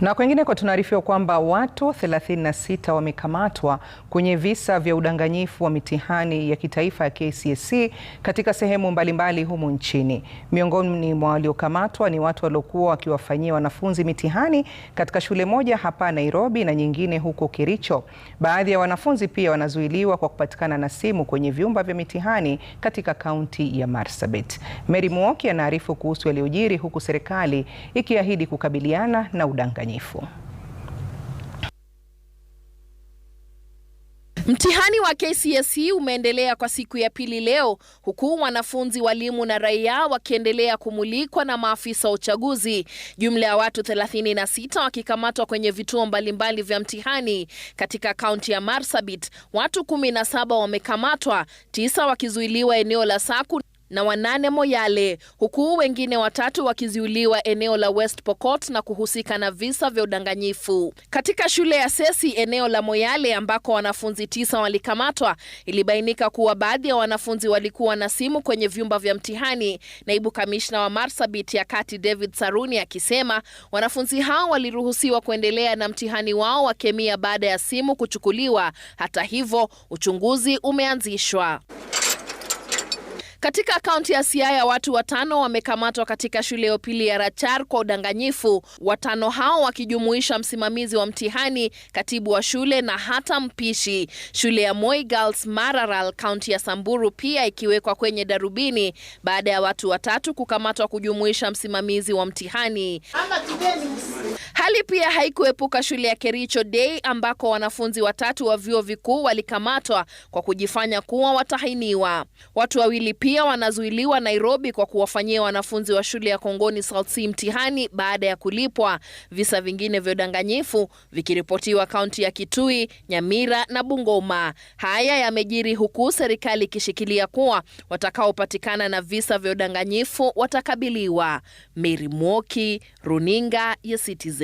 Na kwengineko tunaarifiwa kwamba watu 36 wamekamatwa kwenye visa vya udanganyifu wa mitihani ya kitaifa ya KCSE katika sehemu mbalimbali humu nchini. Miongoni mwa waliokamatwa ni watu waliokuwa wakiwafanyia wanafunzi mitihani katika shule moja hapa Nairobi na nyingine huko Kericho. Baadhi ya wanafunzi pia wanazuiliwa kwa kupatikana na simu kwenye vyumba vya mitihani katika kaunti ya Marsabit. Mary Muoki anaarifu kuhusu yaliyojiri huku serikali ikiahidi kukabiliana na udanganyifu ubunifu. Mtihani wa KCSE umeendelea kwa siku ya pili leo huku wanafunzi, walimu na raia wakiendelea kumulikwa na maafisa wa uchaguzi. Jumla ya watu 36 wakikamatwa kwenye vituo mbalimbali vya mtihani katika kaunti ya Marsabit. Watu 17 wamekamatwa, tisa wakizuiliwa eneo la Saku na wanane Moyale, huku wengine watatu wakiziuliwa eneo la West Pokot na kuhusika na visa vya udanganyifu katika shule ya Sesi eneo la Moyale ambako wanafunzi tisa walikamatwa. Ilibainika kuwa baadhi ya wanafunzi walikuwa na simu kwenye vyumba vya mtihani, naibu kamishna wa Marsabit ya Kati David Saruni akisema wanafunzi hao waliruhusiwa kuendelea na mtihani wao wa kemia baada ya simu kuchukuliwa. Hata hivyo uchunguzi umeanzishwa. Katika kaunti ya Siaya watu watano wamekamatwa katika shule ya upili ya Rachar kwa udanganyifu, watano hao wakijumuisha msimamizi wa mtihani, katibu wa shule na hata mpishi. Shule ya Moi Girls Mararal, kaunti ya Samburu, pia ikiwekwa kwenye darubini baada ya watu watatu kukamatwa kujumuisha msimamizi wa mtihani. Hali pia haikuepuka shule ya Kericho Day ambako wanafunzi watatu wa vyuo vikuu walikamatwa kwa kujifanya kuwa watahiniwa. Watu wawili pia wanazuiliwa Nairobi kwa kuwafanyia wanafunzi wa shule ya Kongoni South Sea mtihani baada ya kulipwa, visa vingine vya udanganyifu vikiripotiwa kaunti ya Kitui, Nyamira na Bungoma. Haya yamejiri huku serikali ikishikilia kuwa watakaopatikana na visa vya udanganyifu watakabiliwa. Mary Mwoki, Runinga ya Citizen.